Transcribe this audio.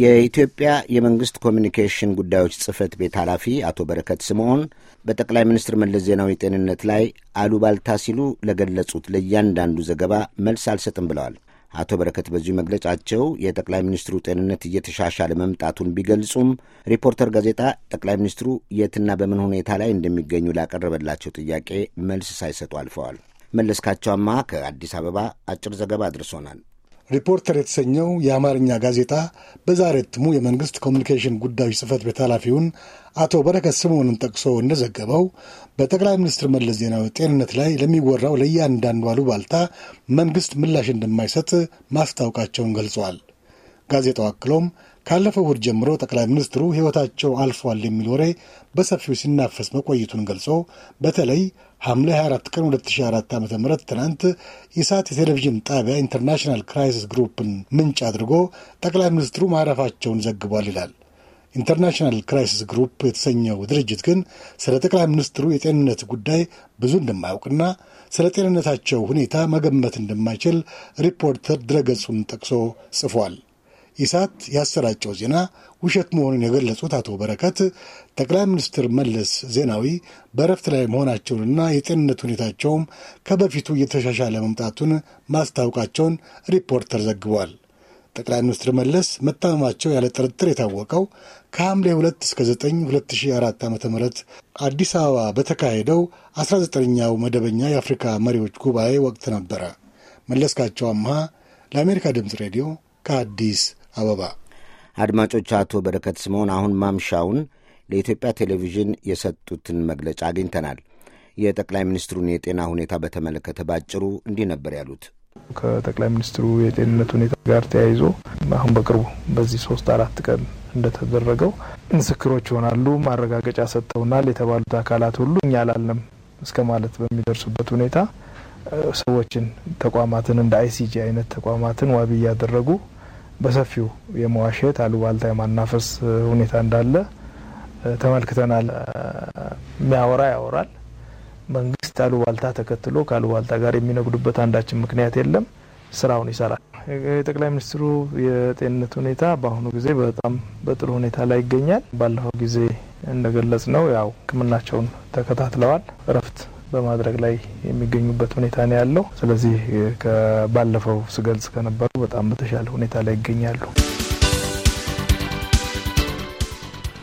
የኢትዮጵያ የመንግስት ኮሚኒኬሽን ጉዳዮች ጽህፈት ቤት ኃላፊ አቶ በረከት ስምዖን በጠቅላይ ሚኒስትር መለስ ዜናዊ ጤንነት ላይ አሉባልታ ሲሉ ለገለጹት ለእያንዳንዱ ዘገባ መልስ አልሰጥም ብለዋል። አቶ በረከት በዚሁ መግለጫቸው የጠቅላይ ሚኒስትሩ ጤንነት እየተሻሻለ መምጣቱን ቢገልጹም ሪፖርተር ጋዜጣ ጠቅላይ ሚኒስትሩ የትና በምን ሁኔታ ላይ እንደሚገኙ ላቀረበላቸው ጥያቄ መልስ ሳይሰጡ አልፈዋል። መለስካቸውማ ከአዲስ አበባ አጭር ዘገባ አድርሶናል። ሪፖርተር የተሰኘው የአማርኛ ጋዜጣ በዛሬ እትሙ የመንግስት ኮሚኒኬሽን ጉዳዮች ጽህፈት ቤት ኃላፊውን አቶ በረከት ስምዖንን ጠቅሶ እንደዘገበው በጠቅላይ ሚኒስትር መለስ ዜናዊ ጤንነት ላይ ለሚወራው ለእያንዳንዱ አሉባልታ መንግስት ምላሽ እንደማይሰጥ ማስታወቃቸውን ገልጿል። ጋዜጣው አክሎም ካለፈው እሁድ ጀምሮ ጠቅላይ ሚኒስትሩ ሕይወታቸው አልፏል የሚል ወሬ በሰፊው ሲናፈስ መቆየቱን ገልጾ በተለይ ሐምሌ 24 ቀን 2004 ዓ ም ትናንት ኢሳት የቴሌቪዥን ጣቢያ ኢንተርናሽናል ክራይሲስ ግሩፕን ምንጭ አድርጎ ጠቅላይ ሚኒስትሩ ማረፋቸውን ዘግቧል ይላል። ኢንተርናሽናል ክራይሲስ ግሩፕ የተሰኘው ድርጅት ግን ስለ ጠቅላይ ሚኒስትሩ የጤንነት ጉዳይ ብዙ እንደማያውቅና ስለ ጤንነታቸው ሁኔታ መገመት እንደማይችል ሪፖርተር ድረገጹን ጠቅሶ ጽፏል። ኢሳት ያሰራጨው ዜና ውሸት መሆኑን የገለጹት አቶ በረከት ጠቅላይ ሚኒስትር መለስ ዜናዊ በእረፍት ላይ መሆናቸውንና የጤንነት ሁኔታቸውም ከበፊቱ እየተሻሻለ መምጣቱን ማስታወቃቸውን ሪፖርተር ዘግቧል። ጠቅላይ ሚኒስትር መለስ መታመማቸው ያለ ጥርጥር የታወቀው ከሐምሌ 2 እስከ 9 2004 ዓ ም አዲስ አበባ በተካሄደው 19ኛው መደበኛ የአፍሪካ መሪዎች ጉባኤ ወቅት ነበረ። መለስካቸው አምሃ ለአሜሪካ ድምፅ ሬዲዮ ከአዲስ አበባ። አድማጮች፣ አቶ በረከት ስምዖን አሁን ማምሻውን ለኢትዮጵያ ቴሌቪዥን የሰጡትን መግለጫ አግኝተናል። የጠቅላይ ሚኒስትሩን የጤና ሁኔታ በተመለከተ ባጭሩ እንዲህ ነበር ያሉት። ከጠቅላይ ሚኒስትሩ የጤንነት ሁኔታ ጋር ተያይዞ አሁን በቅርቡ በዚህ ሶስት አራት ቀን እንደተደረገው ምስክሮች ይሆናሉ ማረጋገጫ ሰጥተውናል የተባሉት አካላት ሁሉ እኛ አላልንም እስከ ማለት በሚደርሱበት ሁኔታ ሰዎችን፣ ተቋማትን እንደ አይሲጂ አይነት ተቋማትን ዋቢ እያደረጉ በሰፊው የመዋሸት አሉባልታ የማናፈስ ሁኔታ እንዳለ ተመልክተናል። የሚያወራ ያወራል። መንግስት አሉባልታ ተከትሎ ከአሉባልታ ጋር የሚነግዱበት አንዳችን ምክንያት የለም። ስራውን ይሰራል። የጠቅላይ ሚኒስትሩ የጤንነት ሁኔታ በአሁኑ ጊዜ በጣም በጥሩ ሁኔታ ላይ ይገኛል። ባለፈው ጊዜ እንደገለጽ ነው ያው ሕክምናቸውን ተከታትለዋል። እረፍት በማድረግ ላይ የሚገኙበት ሁኔታ ነው ያለው። ስለዚህ ባለፈው ስገልጽ ከነበረው በጣም በተሻለ ሁኔታ ላይ ይገኛሉ።